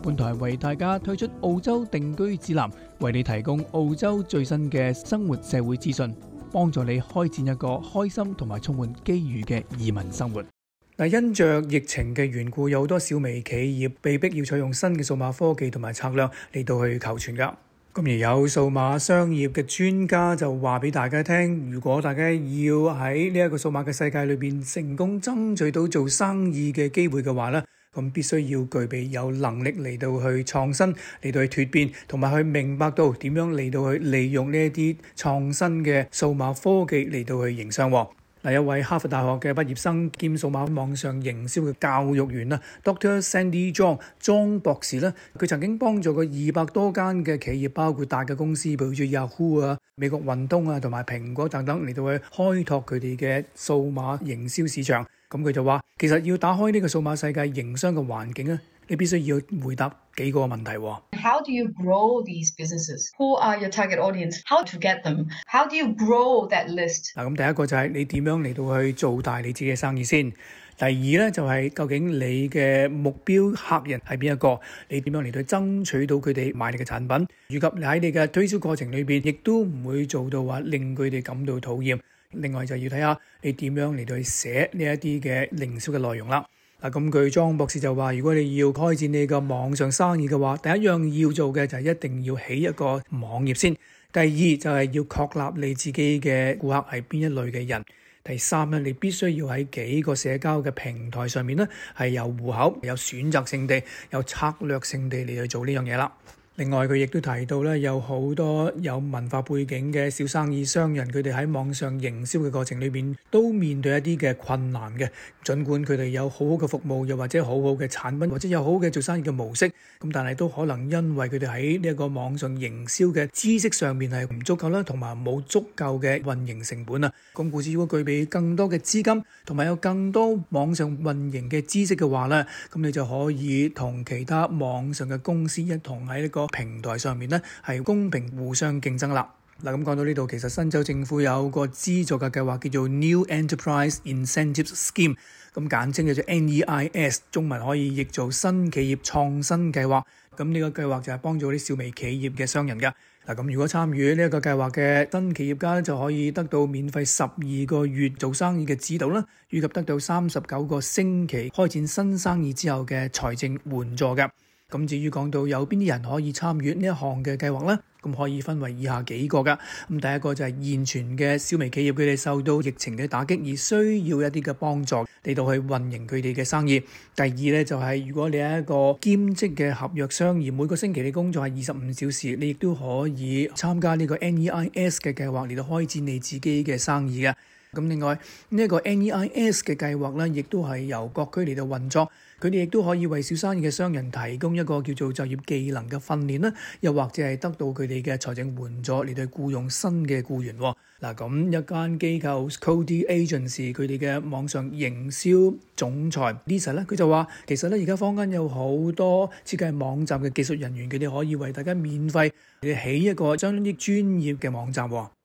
本台為大家推出澳洲定居指南，為你提供澳洲最新嘅生活社會資訊，幫助你開展一個開心同埋充滿機遇嘅移民生活。但因着疫情嘅緣故，有好多小微企業被迫要採用新嘅數碼科技同埋策略嚟到去求全噶。咁而有數碼商業嘅專家就話俾大家聽，「如果大家要喺呢一個數碼嘅世界裏邊成功爭取到做生意嘅機會嘅話呢。」咁必須要具備有能力嚟到去創新，嚟到去脫變，同埋去明白到點樣嚟到去利用呢一啲創新嘅數碼科技嚟到去營商。嗱，有位哈佛大學嘅畢業生兼數碼網上營銷嘅教育員啊 Dr. Sandy Zhang 博士咧，佢曾經幫助過二百多間嘅企業，包括大嘅公司，比如說 Yahoo 啊、美國運通啊同埋蘋果等等，嚟到去開拓佢哋嘅數碼營銷市場。咁佢就話：其實要打開呢個數碼世界營商嘅環境咧，你必須要回答幾個問題。How do you grow these businesses? Who are your target audience? How to get them? How do you grow that list？嗱，咁第一個就係你點樣嚟到去做大你自己嘅生意先？第二咧就係、是、究竟你嘅目標客人係邊一個？你點樣嚟到爭取到佢哋買你嘅產品？以及你喺你嘅推銷過程裏邊，亦都唔會做到話令佢哋感到討厭。另外就要睇下你點樣嚟到去寫呢一啲嘅零售嘅內容啦。嗱，咁據莊博士就話，如果你要開展你個網上生意嘅話，第一樣要做嘅就係一定要起一個網頁先。第二就係要確立你自己嘅顧客係邊一類嘅人。第三咧，你必須要喺幾個社交嘅平台上面咧，係有戶口、有選擇性地、有策略性地嚟去做呢樣嘢啦。另外佢亦都提到咧，有好多有文化背景嘅小生意商人，佢哋喺網上營銷嘅過程裏邊，都面對一啲嘅困難嘅。盡管佢哋有好好嘅服務，又或者好好嘅產品，或者有好嘅做生意嘅模式，咁但係都可能因為佢哋喺呢一個網上營銷嘅知識上面係唔足夠啦，同埋冇足夠嘅運營成本啊。咁故此如果具備更多嘅資金，同埋有更多網上運營嘅知識嘅話咧，咁你就可以同其他網上嘅公司一同喺呢、這個。平台上面咧係公平互相競爭啦。嗱咁講到呢度，其實新州政府有個資助嘅計劃叫做 New Enterprise Incentives Scheme，咁簡稱叫做 NEIS，中文可以譯做新企業創新計劃。咁呢個計劃就係幫助啲小微企業嘅商人嘅。嗱咁如果參與呢一個計劃嘅新企業家咧，就可以得到免費十二個月做生意嘅指導啦，以及得到三十九個星期開展新生意之後嘅財政援助嘅。咁至於講到有邊啲人可以參與呢一項嘅計劃呢？咁可以分為以下幾個噶。咁第一個就係現存嘅小微企業，佢哋受到疫情嘅打擊而需要一啲嘅幫助嚟到去運營佢哋嘅生意。第二呢，就係如果你係一個兼職嘅合約商，而每個星期你工作係二十五小時，你亦都可以參加呢個 NEIS 嘅計劃嚟到開展你自己嘅生意嘅。咁另外呢一個 NEIS 嘅計劃咧，亦都係由各區嚟到運作，佢哋亦都可以為小生意嘅商人提供一個叫做就業技能嘅訓練啦，又或者係得到佢哋嘅財政援助嚟到僱用新嘅僱員。嗱，咁一間機構 Cody Agency 佢哋嘅網上營銷總裁 Lisa 咧，佢就話其實咧而家坊間有好多設計網站嘅技術人員，佢哋可以為大家免費起一個將啲專業嘅網站。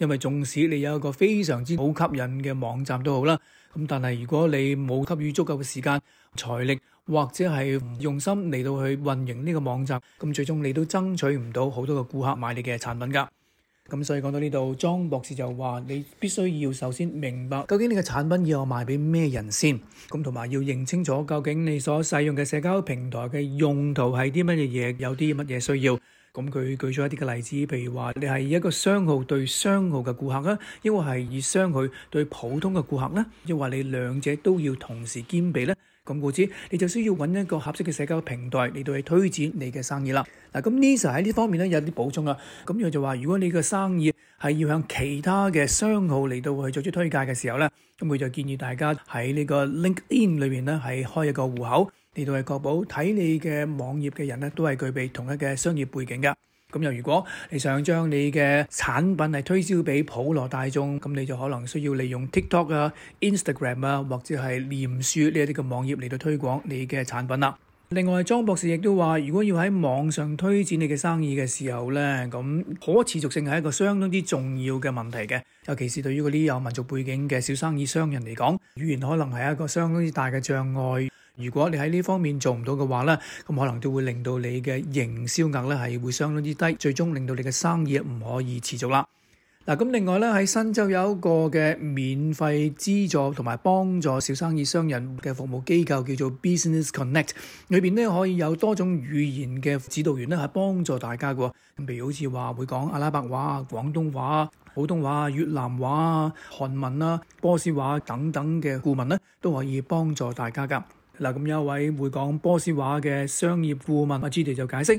因為縱使你有一個非常之好吸引嘅網站都好啦，咁但係如果你冇給予足夠嘅時間、財力或者係唔用心嚟到去運營呢個網站，咁最終你都爭取唔到好多嘅顧客買你嘅產品㗎。咁所以講到呢度，莊博士就話你必須要首先明白究竟你嘅產品要賣俾咩人先，咁同埋要認清楚究竟你所使用嘅社交平台嘅用途係啲乜嘢嘢，有啲乜嘢需要。咁佢舉咗一啲嘅例子，譬如話你係一個商號對商號嘅顧客啦，亦或係以商號對普通嘅顧客咧，亦或你兩者都要同時兼備咧，咁故此，你就需要揾一個合適嘅社交平台嚟到去推薦你嘅生意啦。嗱，咁 Lisa 喺呢方面咧有啲補充啊。咁佢就話，如果你嘅生意係要向其他嘅商號嚟到去作出推介嘅時候咧，咁佢就建議大家喺呢個 LinkedIn 裏邊咧係開一個戶口。嚟到係確保睇你嘅網頁嘅人咧，都係具備同一嘅商業背景嘅。咁又如果你想將你嘅產品係推銷俾普羅大眾，咁你就可能需要利用 TikTok 啊、Instagram 啊，或者係臉書呢一啲嘅網頁嚟到推廣你嘅產品啦。另外，莊博士亦都話，如果要喺網上推薦你嘅生意嘅時候咧，咁可持續性係一個相當之重要嘅問題嘅，尤其是對於嗰啲有民族背景嘅小生意商人嚟講，語言可能係一個相當之大嘅障礙。如果你喺呢方面做唔到嘅話咧，咁可能都會令到你嘅營銷額咧係會相當之低，最終令到你嘅生意唔可以持續啦。嗱，咁另外咧喺新州有一個嘅免費資助同埋幫助小生意商人嘅服務機構叫做 Business Connect，裏邊咧可以有多種語言嘅指導員咧係幫助大家嘅，咁譬如好似話會講阿拉伯話、廣東話、普通話、越南話、韓文啦、波斯話等等嘅顧問咧都可以幫助大家噶。嗱，咁有一位會講波斯話嘅商業顧問阿 Judy、啊、就解釋。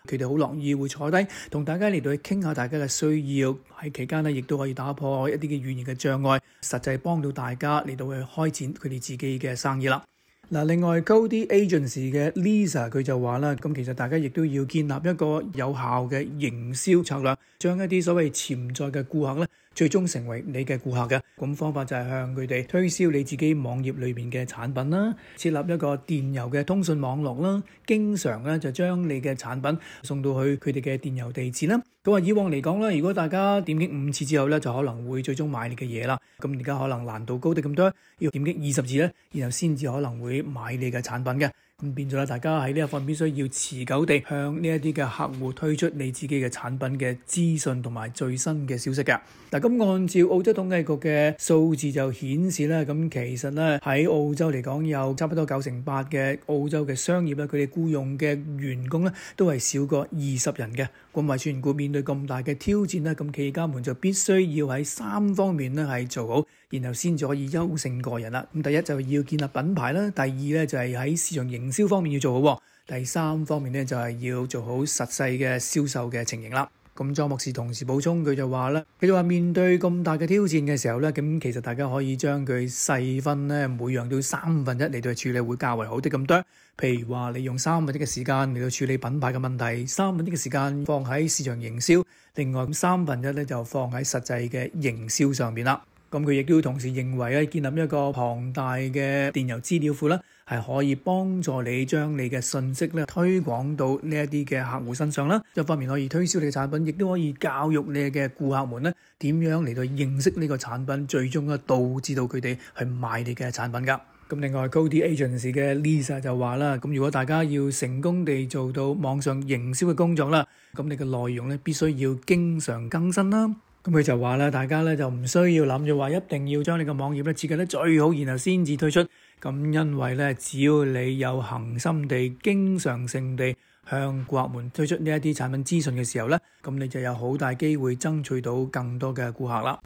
佢哋好樂意會坐低同大家嚟到去傾下大家嘅需要，喺期間咧亦都可以打破一啲嘅語言嘅障礙，實際幫到大家嚟到去開展佢哋自己嘅生意啦。嗱，另外 Goldie Agency 嘅 Lisa 佢就話啦，咁其實大家亦都要建立一個有效嘅營銷策略，將一啲所謂潛在嘅顧客咧。最終成為你嘅顧客嘅，咁方法就係向佢哋推銷你自己網頁裏邊嘅產品啦，設立一個電郵嘅通訊網絡啦，經常咧就將你嘅產品送到去佢哋嘅電郵地址啦。咁啊，以往嚟講咧，如果大家點擊五次之後咧，就可能會最終買你嘅嘢啦。咁而家可能難度高啲咁多，要點擊二十次咧，然後先至可能會買你嘅產品嘅。咁變咗啦，大家喺呢一方面必須要持久地向呢一啲嘅客戶推出你自己嘅產品嘅資訊同埋最新嘅消息嘅。嗱，咁按照澳洲統計局嘅數字就顯示咧，咁其實咧喺澳洲嚟講，有差不多九成八嘅澳洲嘅商業咧，佢哋僱用嘅員工咧都係少過二十人嘅。咁為全股面對咁大嘅挑戰咧，咁企業家們就必須要喺三方面咧係做好，然後先至可以優勝過人啦。咁第一就要建立品牌啦，第二咧就係喺市場營營銷方面要做好，第三方面呢，就係、是、要做好實際嘅銷售嘅情形啦。咁莊博士同時補充，佢就話呢，佢就話面對咁大嘅挑戰嘅時候呢，咁其實大家可以將佢細分呢，每樣都三分一嚟到處理會較為好啲咁多。譬如話你用三分一嘅時間嚟到處理品牌嘅問題，三分一嘅時間放喺市場營銷，另外三分一呢，就放喺實際嘅營銷上面啦。咁佢亦都同時認為咧，建立一個龐大嘅電郵資料庫啦，係可以幫助你將你嘅信息咧推廣到呢一啲嘅客戶身上啦。一方面可以推銷你嘅產品，亦都可以教育你嘅顧客們咧點樣嚟到認識呢個產品，最終咧導致到佢哋去買你嘅產品㗎。咁另外 Coldy Agency 嘅 Lisa 就話啦：咁如果大家要成功地做到網上營銷嘅工作啦，咁你嘅內容咧必須要經常更新啦。咁佢就話咧，大家咧就唔需要諗住話一定要將你嘅網頁咧設計得最好，然後先至推出。咁因為咧，只要你有恆心地、經常性地向顧客們推出呢一啲產品資訊嘅時候咧，咁你就有好大機會爭取到更多嘅顧客啦。